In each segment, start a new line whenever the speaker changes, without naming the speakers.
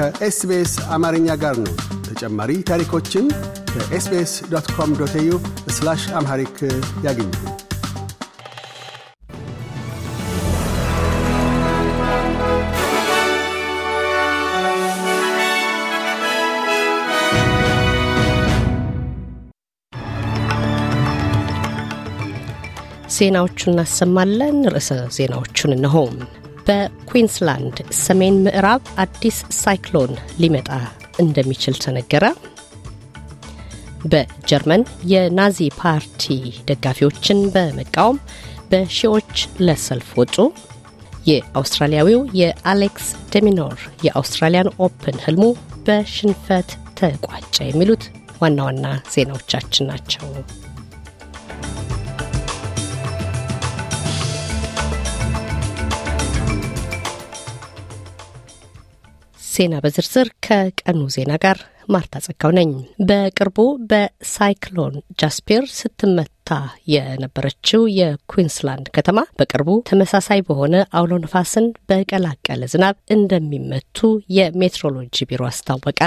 ከኤስቤስ አማርኛ ጋር ነው። ተጨማሪ ታሪኮችን ከኤስቤስ ዶት ኮም ዶት ኤዩ አምሃሪክ ያገኙ። ዜናዎቹን እናሰማለን። ርዕሰ ዜናዎቹን እነሆም በኩዊንስላንድ ሰሜን ምዕራብ አዲስ ሳይክሎን ሊመጣ እንደሚችል ተነገረ። በጀርመን የናዚ ፓርቲ ደጋፊዎችን በመቃወም በሺዎች ለሰልፍ ወጡ። የአውስትራሊያዊው የአሌክስ ደሚኖር የአውስትራሊያን ኦፕን ህልሙ በሽንፈት ተቋጨ። የሚሉት ዋና ዋና ዜናዎቻችን ናቸው። ዜና በዝርዝር ከቀኑ ዜና ጋር ማርታ ጸጋው ነኝ። በቅርቡ በሳይክሎን ጃስፔር ስትመ በርታ የነበረችው የኩዊንስላንድ ከተማ በቅርቡ ተመሳሳይ በሆነ አውሎ ነፋስን በቀላቀለ ዝናብ እንደሚመቱ የሜትሮሎጂ ቢሮ አስታወቀ።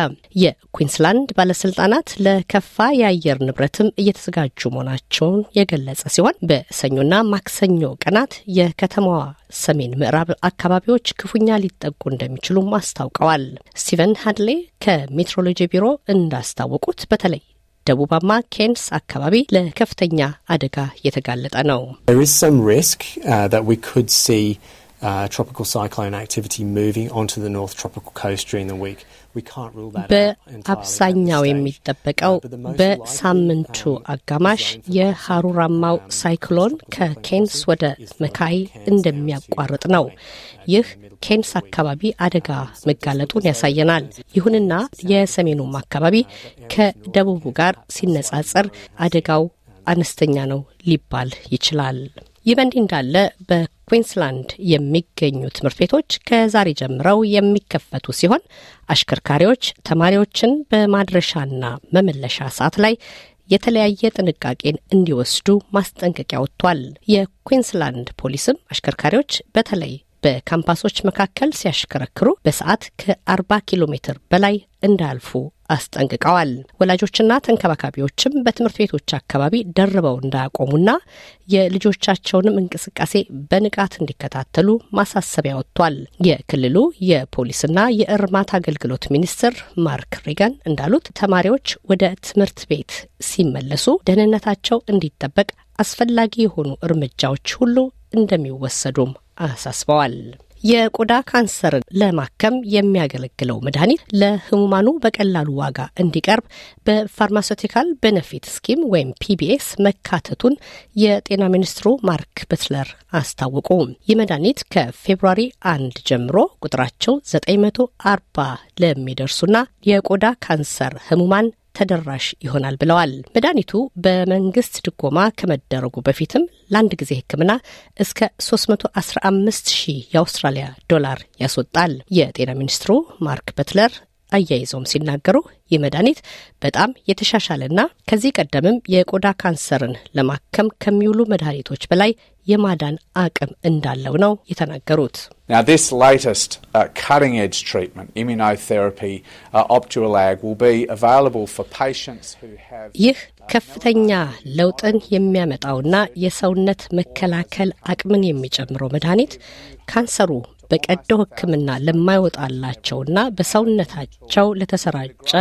የኩዊንስላንድ ባለስልጣናት ለከፋ የአየር ንብረትም እየተዘጋጁ መሆናቸውን የገለጸ ሲሆን በሰኞና ማክሰኞ ቀናት የከተማዋ ሰሜን ምዕራብ አካባቢዎች ክፉኛ ሊጠቁ እንደሚችሉም አስታውቀዋል። ስቲቨን ሃድሌ ከሜትሮሎጂ ቢሮ እንዳስታወቁት በተለይ ደቡባማ ኬንስ አካባቢ ለከፍተኛ አደጋ የተጋለጠ ነው። በአብዛኛው የሚጠበቀው uh, በሳምንቱ አጋማሽ የሀሩራማው ሳይክሎን ከኬንስ ወደ መካይ እንደሚያቋርጥ ነው። ይህ ኬንስ አካባቢ አደጋ መጋለጡን ያሳየናል። ይሁንና የሰሜኑም አካባቢ uh, ከደቡቡ ጋር ሲነጻጸር አደጋው አነስተኛ ነው ሊባል ይችላል። ይህ በእንዲህ እንዳለ በ በኩዊንስላንድ የሚገኙ ትምህርት ቤቶች ከዛሬ ጀምረው የሚከፈቱ ሲሆን አሽከርካሪዎች ተማሪዎችን በማድረሻና መመለሻ ሰዓት ላይ የተለያየ ጥንቃቄን እንዲወስዱ ማስጠንቀቂያ ወጥቷል። የኩዊንስላንድ ፖሊስም አሽከርካሪዎች በተለይ በካምፓሶች መካከል ሲያሽከረክሩ በሰዓት ከ40 ኪሎ ሜትር በላይ እንዳያልፉ አስጠንቅቀዋል። ወላጆችና ተንከባካቢዎችም በትምህርት ቤቶች አካባቢ ደርበው እንዳያቆሙና የልጆቻቸውንም እንቅስቃሴ በንቃት እንዲከታተሉ ማሳሰቢያ ወጥቷል። የክልሉ የፖሊስና የእርማት አገልግሎት ሚኒስትር ማርክ ሪገን እንዳሉት ተማሪዎች ወደ ትምህርት ቤት ሲመለሱ ደህንነታቸው እንዲጠበቅ አስፈላጊ የሆኑ እርምጃዎች ሁሉ እንደሚወሰዱም አሳስበዋል። የቆዳ ካንሰርን ለማከም የሚያገለግለው መድኃኒት ለህሙማኑ በቀላሉ ዋጋ እንዲቀርብ በፋርማሴቲካል ቤኔፊት ስኪም ወይም ፒቢኤስ መካተቱን የጤና ሚኒስትሩ ማርክ ብትለር አስታወቁ። ይህ መድኃኒት ከፌብሯሪ አንድ ጀምሮ ቁጥራቸው 940 ለሚደርሱና የቆዳ ካንሰር ህሙማን ተደራሽ ይሆናል ብለዋል። መድኃኒቱ በመንግስት ድጎማ ከመደረጉ በፊትም ለአንድ ጊዜ ሕክምና እስከ 315 ሺህ የአውስትራሊያ ዶላር ያስወጣል። የጤና ሚኒስትሩ ማርክ በትለር አያይዘውም ሲናገሩ ይህ መድኃኒት በጣም የተሻሻለና ከዚህ ቀደምም የቆዳ ካንሰርን ለማከም ከሚውሉ መድኃኒቶች በላይ የማዳን አቅም እንዳለው ነው የተናገሩት። ይህ ከፍተኛ ለውጥን የሚያመጣውና የሰውነት መከላከል አቅምን የሚጨምረው መድኃኒት ካንሰሩ በቀዶ ሕክምና ለማይወጣላቸውና በሰውነታቸው ለተሰራጨ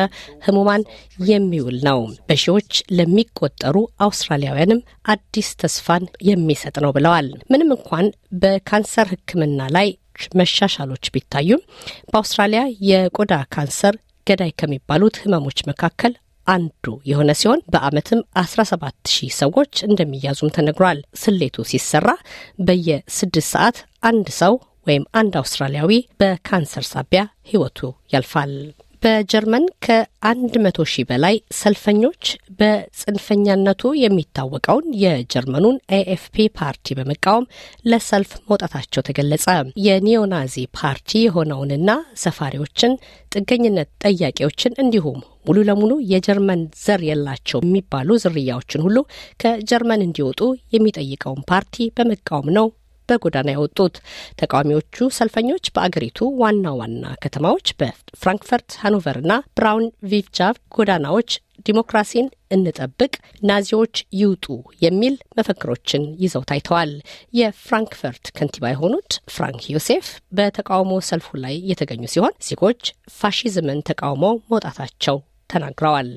ህሙማን የሚውል ነው። በሺዎች ለሚቆጠሩ አውስትራሊያውያንም አዲስ ተስፋን የሚሰጥ ነው ብለዋል። ምንም እንኳን በካንሰር ሕክምና ላይ መሻሻሎች ቢታዩም በአውስትራሊያ የቆዳ ካንሰር ገዳይ ከሚባሉት ህመሞች መካከል አንዱ የሆነ ሲሆን በአመትም 17 ሺህ ሰዎች እንደሚያዙም ተነግሯል። ስሌቱ ሲሰራ በየስድስት ሰዓት አንድ ሰው ወይም አንድ አውስትራሊያዊ በካንሰር ሳቢያ ህይወቱ ያልፋል። በጀርመን ከ መቶ ሺህ በላይ ሰልፈኞች በጽንፈኛነቱ የሚታወቀውን የጀርመኑን ኤኤፍፒ ፓርቲ በመቃወም ለሰልፍ መውጣታቸው ተገለጸ። የኒዮናዚ ፓርቲ የሆነውንና ሰፋሪዎችን፣ ጥገኝነት ጠያቂዎችን እንዲሁም ሙሉ ለሙሉ የጀርመን ዘር የላቸው የሚባሉ ዝርያዎችን ሁሉ ከጀርመን እንዲወጡ የሚጠይቀውን ፓርቲ በመቃወም ነው በጎዳና ያወጡት ተቃዋሚዎቹ ሰልፈኞች በአገሪቱ ዋና ዋና ከተማዎች በፍራንክፈርት፣ እና ብራውን ቪቭጃቭ ጎዳናዎች ዲሞክራሲን እንጠብቅ፣ ናዚዎች ይውጡ የሚል መፈክሮችን ይዘው ታይተዋል። የፍራንክፈርት ከንቲባ የሆኑት ፍራንክ ዮሴፍ በተቃውሞ ሰልፉ ላይ የተገኙ ሲሆን ዜጎች ፋሺዝምን ተቃውሞ መውጣታቸው ተናግረዋል።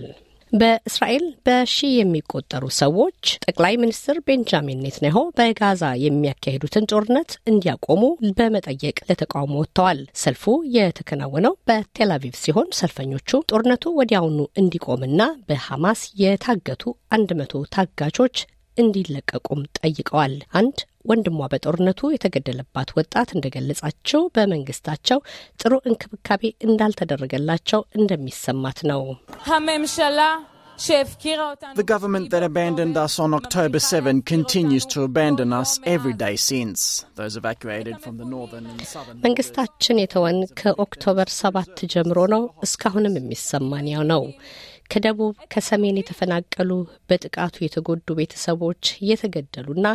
በእስራኤል በሺ የሚቆጠሩ ሰዎች ጠቅላይ ሚኒስትር ቤንጃሚን ኔትንያሆ በጋዛ የሚያካሂዱትን ጦርነት እንዲያቆሙ በመጠየቅ ለተቃውሞ ወጥተዋል። ሰልፉ የተከናወነው በቴላቪቭ ሲሆን ሰልፈኞቹ ጦርነቱ ወዲያውኑ እንዲቆምና በሐማስ የታገቱ መቶ ታጋቾች እንዲለቀቁም ጠይቀዋል። አንድ ወንድሟ በጦርነቱ የተገደለባት ወጣት እንደገለጻቸው በመንግስታቸው ጥሩ እንክብካቤ እንዳልተደረገላቸው እንደሚሰማት ነው። The government that abandoned us on October 7 continues to abandon us every day since. Those evacuated from the northern and southern. መንግስታችን የተወን ከኦክቶበር ሰባት ጀምሮ ነው። እስካሁንም የሚሰማን ያው ነው። ከደቡብ ከሰሜን የተፈናቀሉ በጥቃቱ የተጎዱ ቤተሰቦች የተገደሉና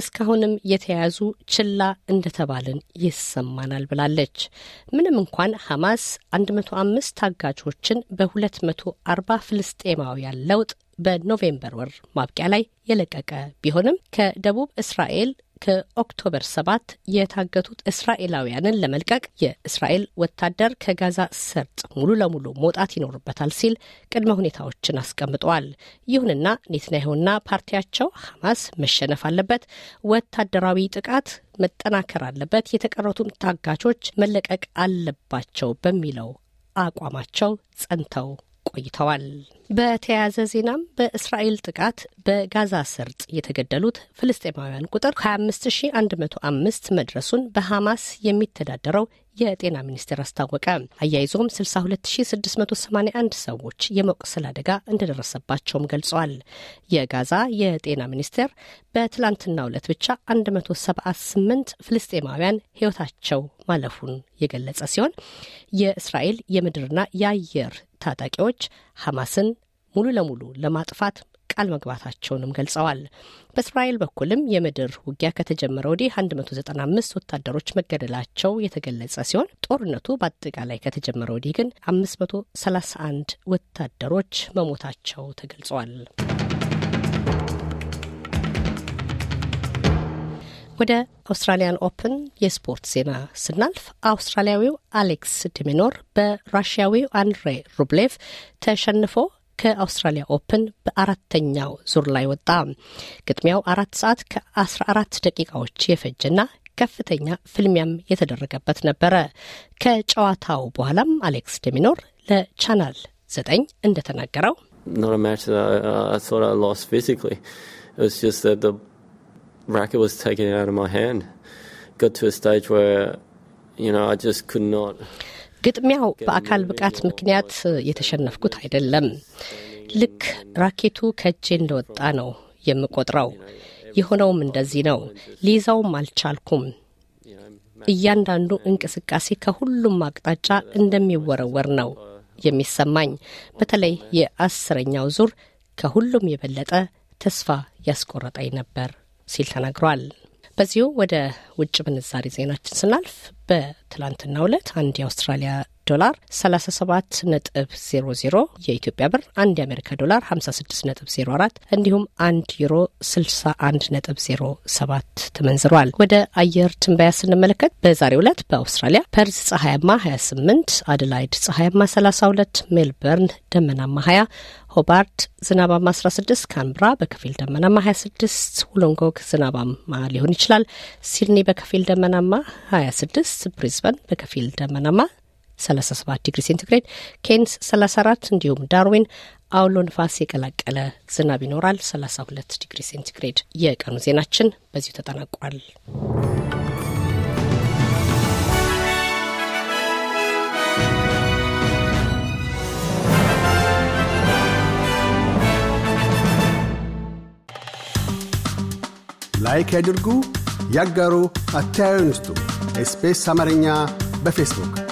እስካሁንም የተያዙ ችላ እንደተባልን ይሰማናል ብላለች። ምንም እንኳን ሐማስ 105 ታጋቾችን በ240 ፍልስጤማውያን ለውጥ በኖቬምበር ወር ማብቂያ ላይ የለቀቀ ቢሆንም ከደቡብ እስራኤል ከኦክቶበር 7 የታገቱት እስራኤላውያንን ለመልቀቅ የእስራኤል ወታደር ከጋዛ ሰርጥ ሙሉ ለሙሉ መውጣት ይኖርበታል ሲል ቅድመ ሁኔታዎችን አስቀምጠዋል። ይሁንና ኔትንያሁና ፓርቲያቸው ሐማስ መሸነፍ አለበት፣ ወታደራዊ ጥቃት መጠናከር አለበት፣ የተቀረቱም ታጋቾች መለቀቅ አለባቸው በሚለው አቋማቸው ጸንተው ቆይተዋል። በተያያዘ ዜናም በእስራኤል ጥቃት በጋዛ ሰርጥ የተገደሉት ፍልስጤማውያን ቁጥር 25105 መድረሱን በሐማስ የሚተዳደረው የጤና ሚኒስቴር አስታወቀ። አያይዞም 62681 ሰዎች የመቁሰል አደጋ እንደደረሰባቸውም ገልጸዋል። የጋዛ የጤና ሚኒስቴር በትላንትናው ዕለት ብቻ 178 ፍልስጤማውያን ሕይወታቸው ማለፉን የገለጸ ሲሆን የእስራኤል የምድርና የአየር ታጣቂዎች ሐማስን ሙሉ ለሙሉ ለማጥፋት ቃል መግባታቸውንም ገልጸዋል። በእስራኤል በኩልም የምድር ውጊያ ከተጀመረ ወዲህ 195 ወታደሮች መገደላቸው የተገለጸ ሲሆን ጦርነቱ በአጠቃላይ ከተጀመረ ወዲህ ግን 531 ወታደሮች መሞታቸው ተገልጿል። ወደ አውስትራሊያን ኦፕን የስፖርት ዜና ስናልፍ አውስትራሊያዊው አሌክስ ዲሚኖር በራሽያዊው አንድሬ ሩብሌቭ ተሸንፎ ከአውስትራሊያ ኦፕን በአራተኛው ዙር ላይ ወጣ። ግጥሚያው አራት ሰዓት ከ አራት ደቂቃዎች የፈጀና ከፍተኛ ፍልሚያም የተደረገበት ነበረ። ከጨዋታው በኋላም አሌክስ ዲሚኖር ለቻናል ዘጠኝ እንደተናገረው racket was taken out of my hand. Got to a stage where, you know, I just could not. ግጥሚያው በአካል ብቃት ምክንያት የተሸነፍኩት አይደለም። ልክ ራኬቱ ከእጄ እንደወጣ ነው የምቆጥረው። የሆነውም እንደዚህ ነው። ሊይዛውም አልቻልኩም። እያንዳንዱ እንቅስቃሴ ከሁሉም አቅጣጫ እንደሚወረወር ነው uh, የሚሰማኝ። በተለይ የአስረኛው ዙር ከሁሉም የበለጠ ተስፋ ያስቆረጠኝ ነበር። ሲል ተናግሯል። በዚሁ ወደ ውጭ ምንዛሬ ዜናችን ስናልፍ በትላንትናው ዕለት አንድ የአውስትራሊያ ዶላር 37.00 ነጥብ የኢትዮጵያ ብር አንድ የአሜሪካ ዶላር 56 04 እንዲሁም አንድ ዩሮ 61 ተመንዝሯል። ወደ አየር ትንበያ ስንመለከት በዛሬው ዕለት በአውስትራሊያ ፐርዝ ፀሐያማ 28፣ አደላይድ ፀሐያማ 32፣ ሜልበርን ደመናማ 20 ሆባርት ዝናባማ 16፣ ካንብራ በከፊል ደመናማ 26፣ ውሎንጎግ ዝናባማ ሊሆን ይችላል። ሲድኒ በከፊል ደመናማ 26፣ ብሪዝበን በከፊል ደመናማ 37 ዲግሪ ሴንቲግሬድ፣ ኬንስ 34 እንዲሁም ዳርዊን አውሎ ንፋስ የቀላቀለ ዝናብ ይኖራል 32 ዲግሪ ሴንቲግሬድ። የቀኑ ዜናችን በዚሁ ተጠናቋል። ላይክ ያድርጉ፣ ያጋሩ፣ አስተያየትዎን ይስጡ። ኤስፔስ አማርኛ በፌስቡክ